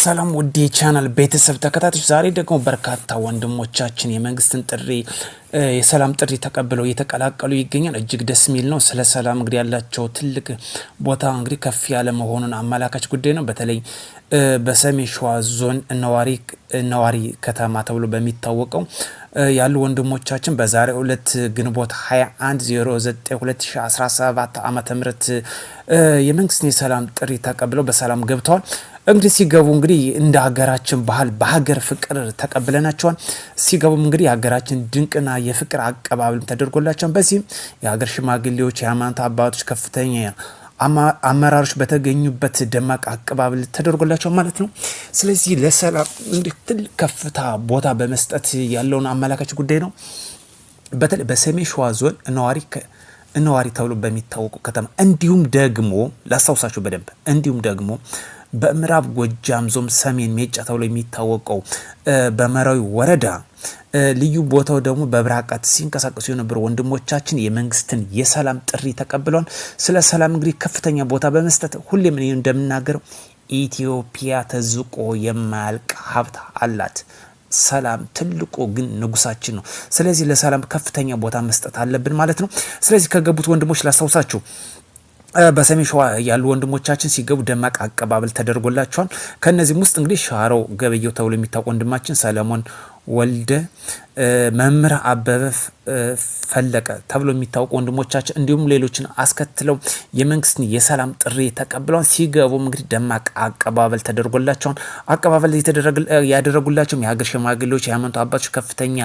ሰላም ውድ የቻናል ቤተሰብ ተከታታዮች፣ ዛሬ ደግሞ በርካታ ወንድሞቻችን የመንግስትን ጥሪ የሰላም ጥሪ ተቀብለው እየተቀላቀሉ ይገኛል። እጅግ ደስ የሚል ነው። ስለ ሰላም እንግዲህ ያላቸው ትልቅ ቦታ እንግዲህ ከፍ ያለ መሆኑን አመላካች ጉዳይ ነው። በተለይ በሰሜን ሸዋ ዞን ነዋሪ ነዋሪ ከተማ ተብሎ በሚታወቀው ያሉ ወንድሞቻችን በዛሬ ዕለት ግንቦት 21092017 09 2017 ዓ.ም የመንግስትን የሰላም ጥሪ ተቀብለው በሰላም ገብተዋል። እንግዲህ ሲገቡ እንግዲህ እንደ ሀገራችን ባህል በሀገር ፍቅር ተቀብለናቸዋል። ሲገቡም እንግዲህ የሀገራችን ድንቅና የፍቅር አቀባበልም ተደርጎላቸዋል። በዚህም የሀገር ሽማግሌዎች፣ የሃይማኖት አባቶች፣ ከፍተኛ አመራሮች በተገኙበት ደማቅ አቀባበል ተደርጎላቸዋል ማለት ነው። ስለዚህ ለሰላም እንግዲህ ትልቅ ከፍታ ቦታ በመስጠት ያለውን አመላካች ጉዳይ ነው። በተለይ በሰሜን ሸዋ ዞን ነዋሪ ነዋሪ ተብሎ በሚታወቁ ከተማ እንዲሁም ደግሞ ላስታውሳችሁ በደንብ እንዲሁም ደግሞ በምዕራብ ጎጃም ዞም ሰሜን ሜጫ ተብሎ የሚታወቀው በመራዊ ወረዳ ልዩ ቦታው ደግሞ በብራቃት ሲንቀሳቀሱ የነበሩ ወንድሞቻችን የመንግስትን የሰላም ጥሪ ተቀብለዋል። ስለ ሰላም እንግዲህ ከፍተኛ ቦታ በመስጠት ሁሌም እኔ እንደምናገረው ኢትዮጵያ ተዝቆ የማያልቅ ሀብት አላት። ሰላም ትልቁ ግን ንጉሳችን ነው። ስለዚህ ለሰላም ከፍተኛ ቦታ መስጠት አለብን ማለት ነው። ስለዚህ ከገቡት ወንድሞች ላስታውሳችሁ በሰሜን ሸዋ ያሉ ወንድሞቻችን ሲገቡ ደማቅ አቀባበል ተደርጎላቸዋል። ከእነዚህም ውስጥ እንግዲህ ሻረው ገበየው ተብሎ የሚታወቅ ወንድማችን ሰለሞን ወልደ መምህር አበበ ፈለቀ ተብሎ የሚታወቁ ወንድሞቻችን እንዲሁም ሌሎችን አስከትለው የመንግስትን የሰላም ጥሪ ተቀብለዋል። ሲገቡም እንግዲህ ደማቅ አቀባበል ተደርጎላቸዋል። አቀባበል ያደረጉላቸውም የሀገር ሽማግሌዎች፣ የሃይማኖት አባቶች፣ ከፍተኛ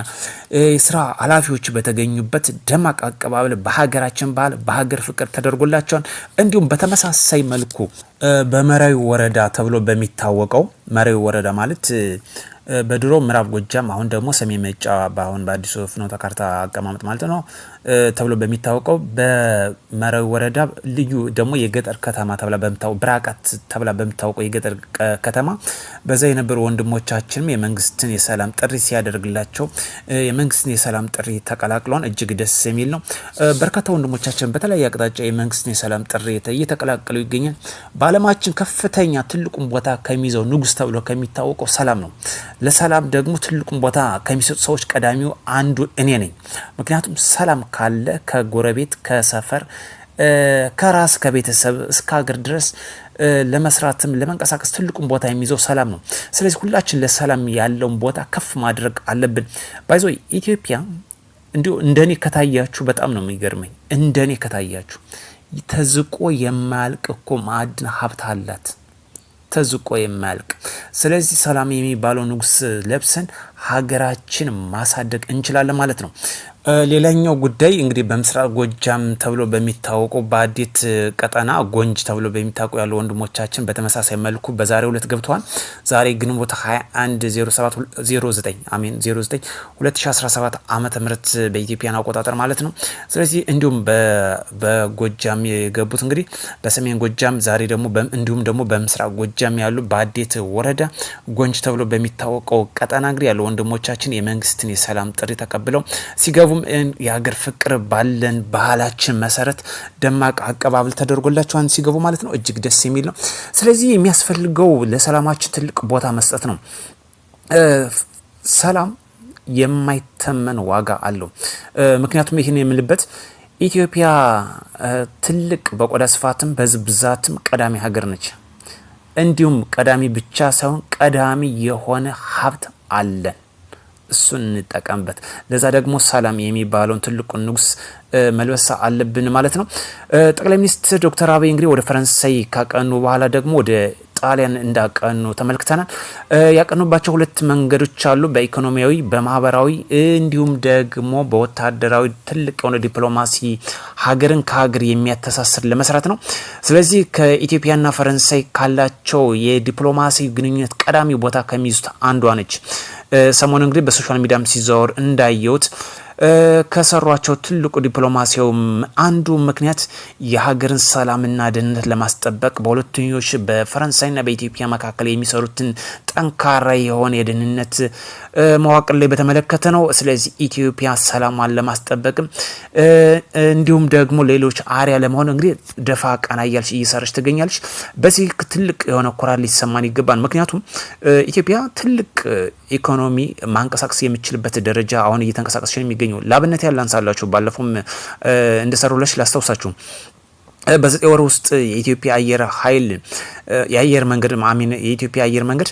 የስራ ኃላፊዎች በተገኙበት ደማቅ አቀባበል በሀገራችን ባህል በሀገር ፍቅር ተደርጎላቸዋል። እንዲሁም በተመሳሳይ መልኩ በመራዊ ወረዳ ተብሎ በሚታወቀው መራዊ ወረዳ ማለት በድሮ ምዕራብ ጎጃም አሁን ደግሞ ሰሜን መጫ በአሁን በአዲሱ ፍኖተ ካርታ አቀማመጥ ማለት ነው ተብሎ በሚታወቀው በመራዊ ወረዳ ልዩ ደግሞ የገጠር ከተማ ተብላ በምታወ ብራቃት ተብላ በምታወቀው የገጠር ከተማ በዛ የነበሩ ወንድሞቻችንም የመንግስትን የሰላም ጥሪ ሲያደርግላቸው የመንግስትን የሰላም ጥሪ ተቀላቅለን እጅግ ደስ የሚል ነው። በርካታ ወንድሞቻችን በተለያየ አቅጣጫ የመንግስትን የሰላም ጥሪ እየተቀላቀሉ ይገኛል። በዓለማችን ከፍተኛ ትልቁን ቦታ ከሚይዘው ንጉስ ተብሎ ከሚታወቀው ሰላም ነው። ለሰላም ደግሞ ትልቁን ቦታ ከሚሰጡ ሰዎች ቀዳሚው አንዱ እኔ ነኝ። ምክንያቱም ሰላም ካለ ከጎረቤት፣ ከሰፈር፣ ከራስ ከቤተሰብ እስከ ሀገር ድረስ ለመስራትም ለመንቀሳቀስ ትልቁን ቦታ የሚይዘው ሰላም ነው። ስለዚህ ሁላችን ለሰላም ያለውን ቦታ ከፍ ማድረግ አለብን። ባይዞ ኢትዮጵያ እንዲሁ እንደኔ ከታያችሁ በጣም ነው የሚገርመኝ። እንደኔ ከታያችሁ ተዝቆ የማያልቅ እኮ ማዕድን ሀብት አላት ተዝቆ የማያልቅ። ስለዚህ ሰላም የሚባለው ንጉስ ለብሰን ሀገራችን ማሳደግ እንችላለን ማለት ነው። ሌላኛው ጉዳይ እንግዲህ በምስራቅ ጎጃም ተብሎ በሚታወቁ በአዲት ቀጠና ጎንጅ ተብሎ በሚታወቁ ያሉ ወንድሞቻችን በተመሳሳይ መልኩ በዛሬው ዕለት ገብተዋል። ዛሬ ግንቦት 21 አሜን 09 2017 ዓ ም በኢትዮጵያን አቆጣጠር ማለት ነው። ስለዚህ እንዲሁም በጎጃም የገቡት እንግዲህ በሰሜን ጎጃም ዛሬ ደግሞ እንዲሁም ደግሞ በምስራቅ ጎጃም ያሉ በአዴት ወረዳ ጎንጅ ተብሎ በሚታወቀው ቀጠና እንግዲህ ያሉ ወንድሞቻችን የመንግስትን የሰላም ጥሪ ተቀብለው ሲገቡ እንዲሁም የሀገር ፍቅር ባለን ባህላችን መሰረት ደማቅ አቀባበል ተደርጎላቸዋን ሲገቡ ማለት ነው። እጅግ ደስ የሚል ነው። ስለዚህ የሚያስፈልገው ለሰላማችን ትልቅ ቦታ መስጠት ነው። ሰላም የማይተመን ዋጋ አለው። ምክንያቱም ይህን የምልበት ኢትዮጵያ ትልቅ በቆዳ ስፋትም በሕዝብ ብዛትም ቀዳሚ ሀገር ነች። እንዲሁም ቀዳሚ ብቻ ሳይሆን ቀዳሚ የሆነ ሀብት አለን። እሱን እንጠቀምበት። ለዛ ደግሞ ሰላም የሚባለውን ትልቁን ንጉስ መልበስ አለብን ማለት ነው። ጠቅላይ ሚኒስትር ዶክተር አብይ እንግዲህ ወደ ፈረንሳይ ካቀኑ በኋላ ደግሞ ወደ ጣሊያን እንዳቀኑ ተመልክተናል። ያቀኑባቸው ሁለት መንገዶች አሉ። በኢኮኖሚያዊ፣ በማህበራዊ እንዲሁም ደግሞ በወታደራዊ ትልቅ የሆነ ዲፕሎማሲ ሀገርን ከሀገር የሚያተሳስር ለመስራት ነው። ስለዚህ ከኢትዮጵያና ፈረንሳይ ካላቸው የዲፕሎማሲ ግንኙነት ቀዳሚ ቦታ ከሚይዙት አንዷ ነች። ሰሞኑ እንግዲህ በሶሻል ሚዲያም ሲዘወር እንዳየሁት ከሰሯቸው ትልቁ ዲፕሎማሲያውም አንዱ ምክንያት የሀገርን ሰላምና ደህንነት ለማስጠበቅ በሁለተኞች በፈረንሳይና በኢትዮጵያ መካከል የሚሰሩትን ጠንካራ የሆነ የደህንነት መዋቅር ላይ በተመለከተ ነው። ስለዚህ ኢትዮጵያ ሰላሟን ለማስጠበቅ እንዲሁም ደግሞ ሌሎች አሪያ ለመሆን እንግዲህ ደፋ ቀና እያለች እየሰራች ትገኛለች። በዚህ ትልቅ የሆነ ኩራት ሊሰማን ይገባል። ምክንያቱም ኢትዮጵያ ትልቅ ኢኮኖሚ ማንቀሳቀስ የሚችልበት ደረጃ አሁን እየተንቀሳቀስ የሚገኝ የሚገኙ ላብነት ያላንሳላችሁ ባለፈውም እንደሰሩለች ላስታውሳችሁ በዘጠኝ ወር ውስጥ የኢትዮጵያ አየር ኃይል የአየር መንገድ ማሚን የኢትዮጵያ አየር መንገድ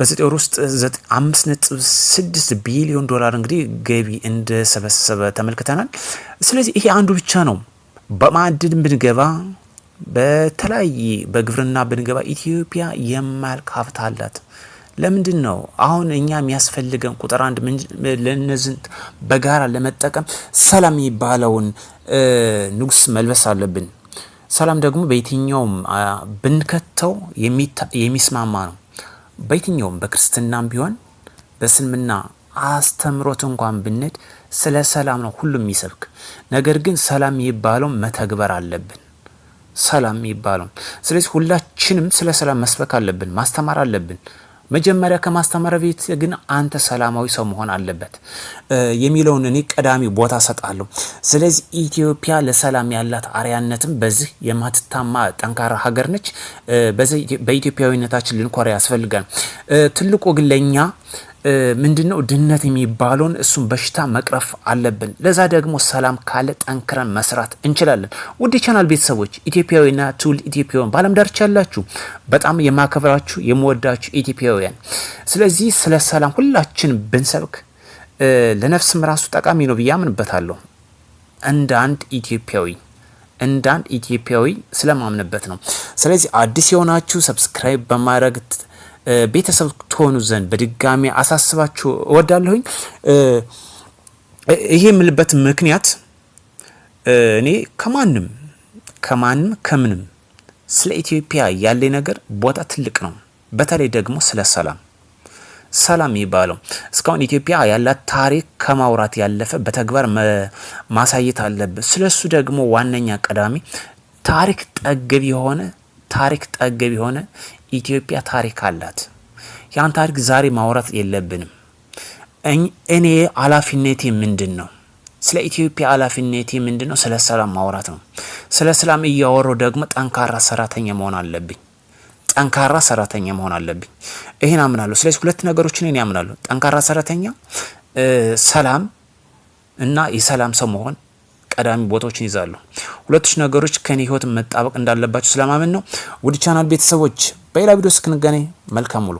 በዘጠኝ ወር ውስጥ አምስት ነጥብ ስድስት ቢሊዮን ዶላር እንግዲህ ገቢ እንደሰበሰበ ተመልክተናል። ስለዚህ ይሄ አንዱ ብቻ ነው። በማዕድን ብንገባ፣ በተለያየ በግብርና ብንገባ ኢትዮጵያ የማያልቅ ሀብት አላት። ለምንድን ነው አሁን እኛ የሚያስፈልገን ቁጥር አንድ ለነዝን በጋራ ለመጠቀም ሰላም የሚባለውን ንጉስ መልበስ አለብን። ሰላም ደግሞ በየትኛውም ብንከተው የሚስማማ ነው። በየትኛውም በክርስትናም ቢሆን በእስልምና አስተምሮት እንኳን ብንሄድ ስለ ሰላም ነው ሁሉም የሚሰብክ። ነገር ግን ሰላም የሚባለው መተግበር አለብን። ሰላም የሚባለው ስለዚህ ሁላችንም ስለ ሰላም መስበክ አለብን፣ ማስተማር አለብን። መጀመሪያ ከማስተማር ቤት ግን አንተ ሰላማዊ ሰው መሆን አለበት የሚለውን እኔ ቀዳሚ ቦታ ሰጣለሁ። ስለዚህ ኢትዮጵያ ለሰላም ያላት አርያነትም በዚህ የማትታማ ጠንካራ ሀገር ነች። በኢትዮጵያዊነታችን ልንኮራ ያስፈልጋል። ትልቁ ግን ለእኛ ምንድነው ነው ድህነት የሚባለውን እሱን በሽታ መቅረፍ አለብን። ለዛ ደግሞ ሰላም ካለ ጠንክረን መስራት እንችላለን። ውድ ቻናል ቤተሰቦች ኢትዮጵያዊና ትውልድ ኢትዮጵያውያን በዓለም ዳርቻ ያላችሁ በጣም የማከብራችሁ የምወዳችሁ ኢትዮጵያውያን፣ ስለዚህ ስለ ሰላም ሁላችን ብንሰብክ ለነፍስም ራሱ ጠቃሚ ነው ብዬ አምንበታለሁ። እንደ አንድ ኢትዮጵያዊ እንደ አንድ ኢትዮጵያዊ ስለማምንበት ነው። ስለዚህ አዲስ የሆናችሁ ሰብስክራይብ በማድረግ ቤተሰብ ትሆኑ ዘንድ በድጋሚ አሳስባችሁ እወዳለሁኝ። ይሄ የምልበት ምክንያት እኔ ከማንም ከማንም ከምንም ስለ ኢትዮጵያ ያለኝ ነገር ቦታ ትልቅ ነው። በተለይ ደግሞ ስለ ሰላም ሰላም የሚባለው እስካሁን ኢትዮጵያ ያላት ታሪክ ከማውራት ያለፈ በተግባር ማሳየት አለብን። ስለሱ ደግሞ ዋነኛ ቀዳሚ ታሪክ ጠግብ የሆነ ታሪክ ጠገብ የሆነ ኢትዮጵያ ታሪክ አላት። ያን ታሪክ ዛሬ ማውራት የለብንም። እኔ ኃላፊነቴ ምንድን ነው? ስለ ኢትዮጵያ ኃላፊነቴ ምንድን ነው? ስለ ሰላም ማውራት ነው። ስለ ሰላም እያወራሁ ደግሞ ጠንካራ ሰራተኛ መሆን አለብኝ። ጠንካራ ሰራተኛ መሆን አለብኝ። ይህን አምናለሁ። ስለዚህ ሁለት ነገሮችን እኔ አምናለሁ። ጠንካራ ሰራተኛ፣ ሰላም እና የሰላም ሰው መሆን ቀዳሚ ቦታዎችን ይዛሉ። ሁለቶች ነገሮች ከኔ ህይወት መጣበቅ እንዳለባቸው ስለማመን ነው። ውድ ቻናል ቤተሰቦች በሌላ ቪዲዮ እስክንገናኝ መልካም ውሎ